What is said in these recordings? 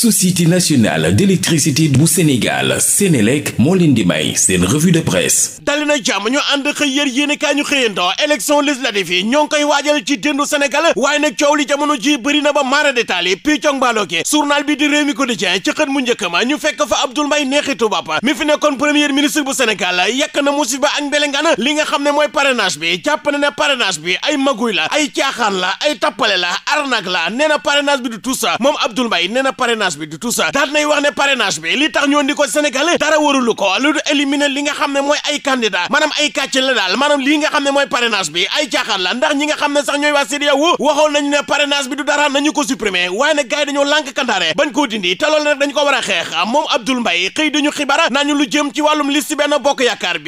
société nationale d'électricité bu Sénégal Sénélec moo leen di may seen revue de presse dali na jàmm ñu ànd xëy yér yéenekaay ñu xëyandoo élection législative yi ñoo ngi waajal ci déndu Sénégal waaye nag coow li jamono ji bëri ba maara détaal yi piicong baalooke journal bi di Rewmi Quotidien ci xët mu njëkk ñu fekk fa Abdoul Mbaye Neexitu Bàpp mi fi nekkoon premier ministre bu Sénégal yàq na musiba ak mbelengaan li nga xam ne mooy parrainage bi jàpp na ne parrainage bi nay wax ne bi li tax ñoon di ko sénégalais dara warulu ko lu du éliminer li nga xam ne mooy ay candidat maanaam ay kàcc la daal maanaam lii nga xam ne mooy parrainage bi ay caaxaan la ndax ñi nga xam ne sax ñooy waa CEDEAO waxoon nañu ne parrainage bi du dara nañu ko supprimer waaye nag gars yi dañoo lànk kandaare bañ koo dindi te loolu nag dañ ko war a moom Abdoul Mbaye xëy dañu xibara nañu lu jëm ci wàllum liste benn bokk yaakaar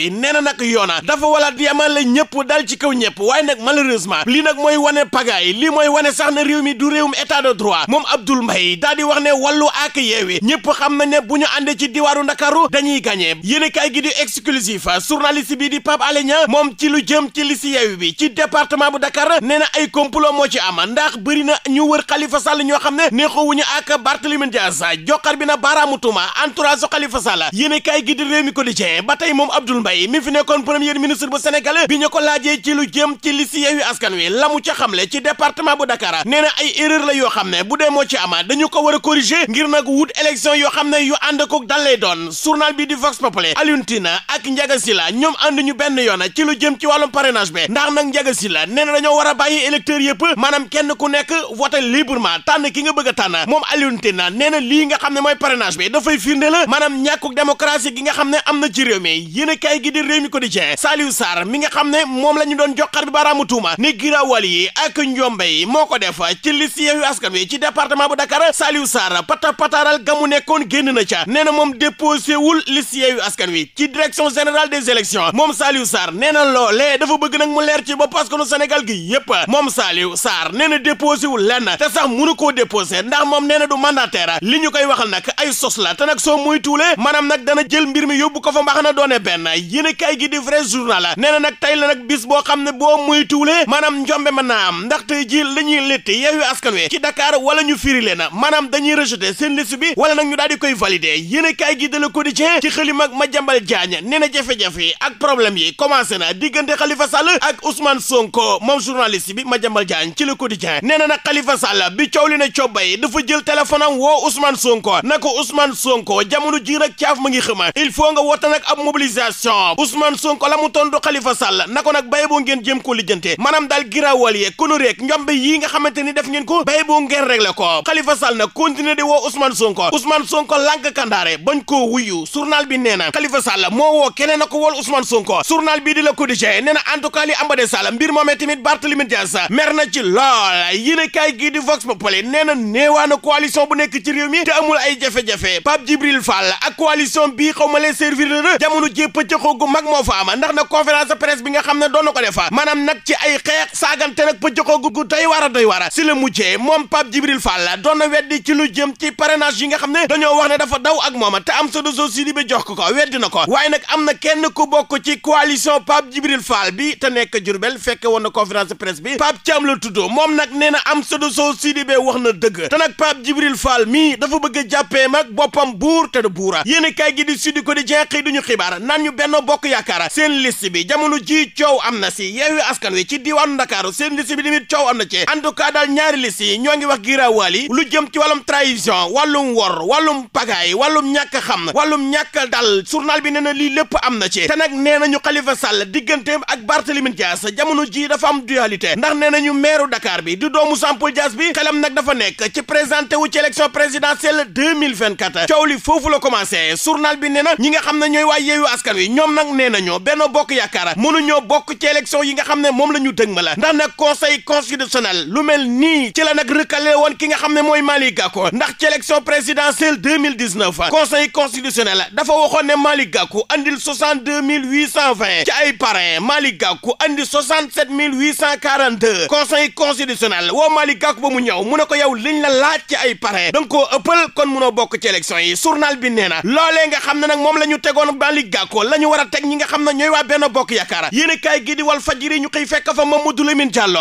wàllu ak yeewi ñëpp xam na ne bu ñu àndee ci diwaaru ndakaaru dañuy gagné yéen kaay gi di exclusif journaliste bi di Pape Alé Niang moom ci lu jëm ci liste yeewi bi ci département bu Dakar nee na ay complot moo ci am ndax na ñu wër Khalifa Sall ñoo xam ne neexoowuñu ak Barthélémy Dias joxar bi na baaraamu tuuma entourage Khalifa Sall yéen kaay gi la mu ca xamle ci département bu Dakar nee yoo xam ne bu dee moo ci ama dañu ko war a ngir na wut élection yoo xam ne yu ànd ko dal lay doon journal bi di Vox Populi Alioune ak Ndiaga ñoom ànd ñu benn yoon ci lu jëm ci wàllum parrainage bi ndax nag Ndiaga Sylla nee na dañoo war a bàyyi électeurs yëpp maanaam kenn ku nekk voté librement tànn ki nga bëgg a tànn moom Alioune Tine nee na lii nga xam ne mooy parrainage bi dafay firnde la maanaam ñàkkuk démocratie gi nga xam ne am na ci réew mi yéen a kaay gi di Rewmi Quotidien Saliou mi nga xam ne moom la ñu doon joxar bi m tuuma ni girawal moo ko def ci liste Yewwi Askan Wi ci département bu Dakar Saliou pata pataaral gamu nekkoon génn na ca nee na moom déposé wul liste Yewwi Askan Wi ci direction générale des élections moom Saliou Sarr nee na loolee dafa bëgg nag mu leer ci bopp askanu Sénégal gi yépp moom Saliou Sarr nee na déposé wul lenn te sax mënu koo déposé ndax moom nee na du mandataire li ñu koy waxal nag ay sos la te nag soo muy tuulee maanaam nag dana jël mbir mi yóbbu ko fa mbaax na doone benn yéen a kaay gi di vrai journal na nag tey la nag bis boo xam ne boo muy tuulee maanaam njombe mën naa am ndax tey ji ñuy létti Yewwi Askan Wi ci Dakar wala maanaam dañuy rejeté seen liste bi wala nag ñu daal di koy validé yéen a kaay gi de Le Quotidien ci xëli mag Madiambal Diagne nee na jafe-jafe yi ak problème yi commencé na diggante Khalifa Sall ak Ousmane Sonko moom journaliste bi Madiambal Diagne ci Le Quotidien nee na nag Khalifa Sall bi coow li ne cobbay dafa jël téléphone am woo Ousmane Sonko na ko Ousmane Sonko jamono ji rek caaf ma ngi xëma il faut nga woote nag ab mobilisation Ousmane Sonko la mu tontu Khalifa Sall na ko nag bay boo ngeen jëm ko lijjante maanaam daal giraawal yee kunu rek ñombe yii nga ni def ngeen ko bay di woo Ousmane Sonko Ousmane Sonko lànk kandaare bañ koo wuyu journal bi nee na Khalifa moo woo keneen na ko wool Ousmane Sonko journal bii di la Quotidien nee na en tout cas ambade Sall mbir moomee tamit Barthélémy Dias ci lool yéene kaay gii di Vox Populi nee na néewaa bu nekk ci réew mi te ay jafe-jafe Pape Djibril Fall ak coalition bii xaw servir la jamono jépp ci xoogu mag moo fa ndax na conférence de bi nga xam ne doon na ko defa maanaam nag a a ci parrainage yi nga xam ne dañoo wax ne dafa daw ak mooma te am sa doso Sidibé jox ko ko weddi na ko waaye nag am na kenn ku bokk ci coalition Pape Djibril Fall bi te nekk Jurbel fekke woon na conférence de presse bi Pape Thiam la tuddoo moom nag nee na am sa doso Sidibé wax na dëgg te nag Pape Djibril Fall mii dafa bëgg a jàppee mag boppam buur te du buura yéen a kaay gi di Sud Quotidien xëy duñu xibaar naan ñu benn bokk yaakaara seen liste bi jamono ji coow am na si yeewi askan wi ci diwaanu Ndakaaru seen liste na ci en daal ñaari liste yi ñoo ngi wax giraawaal yi lu jëm ci wàllum trahison corruption wàllum wor wàllum pagaay wàllum ñàkk xam na wàllum ñàkk dal journal bi nee na lii lépp am na ci te nag nee ñu xalifa Sall digganteem ak Barthélemy Dias jamono ji dafa am dualité ndax nee nañu meeru Dakar bi di doomu Sampol Dias bi xelam nag dafa nekk ci présenté wu ci élection présidentielle 2024 coow li foofu la commencé journal bi nee na ñi nga xam ne ñooy waa yeeyu askan wi ñoom nag nee nañoo Benno Bokk Yaakaar mënuñoo bokk ci élection yi nga xam ne moom la ñu dëg ma la ndax nag conseil constitutionnel lu mel ci la nag rëkkale woon ki nga xam ne mooy Malick Gakou ndax ndax ci élection présidentielle 2019 conseil constitutionnel dafa waxoon ne Malick Gakou andil 62 820 ci ay parrain Malick Gakou andi 67 842 conseil constitutionnel woo Malick Gakou ba mu ñëw mu ne ko yow liñ la laaj ci ay parrain da nga koo ëppal kon munoo bokk ci élection yi journal bi nee na loolee nga xam ne nag moom la ñu tegoon Malick Gakou la ñu war a teg ñi nga xam ne ñooy waa benn bokk yaakaar yéen kaay gi di wal fajiri ñu xëy fekk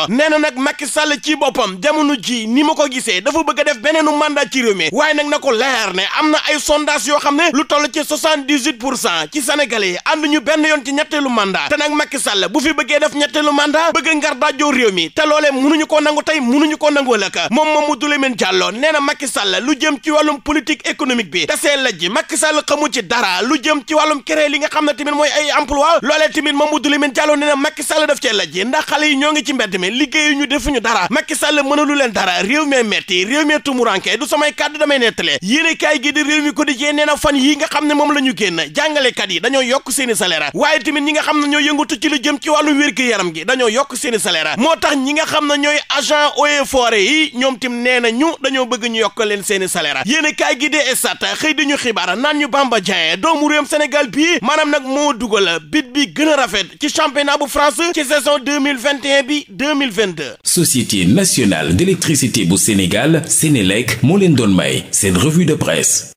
nee na nag Macky Sall ci boppam ji ni ma ko gisee dafa bëgg a def beneenu mandat ci ci réew mi waaye nag na ko leer ne am na ay sondage yoo xam ne lu toll ci soixante-dix-huit pour cent ci sénégalais yi ànd ñu benn yoon ci ñetteelu mandat te nag Macky Sall bu fi bëggee def ñetteelu mandat bëgg ngar daajoo réew mi te loolee munuñu ko nangu tey munuñu ko nangu laka moom Mamadou Lamine Diallo nee na Macky Sall lu jëm ci wàllum politique économique bi dasee lajji Macky Sall xamu ci dara lu jëm ci wàllum créer nga xam ne tamit mooy ay emploi ay kàddu damay nettale yéene kaay gi di réew mi ko di jee nee na fan yi nga xam ne moom lañu ñu génn jàngalekat yi dañoo yokk seeni salaire waaye tamit ñi nga xam ne ñoo yëngatu ci lu jëm ci wàllu wér-gi-yaram gi dañoo yokk seeni salaire moo tax ñi nga xam ne ñooy agent eaux et forêts yi ñoom tim nee na ñu dañoo bëgg ñu yokk leen seeni salaire yéene kaay gi di estat xëy di ñu xibaar naan ñu Bamba Dieng doomu réewum Sénégal bii maanaam nag moo dugal bit bi gën a rafet ci championnat bu France ci saison 2021 bi 2022 société nationale d'électricité bu Sénégal Sénélec moo doon may revue de presse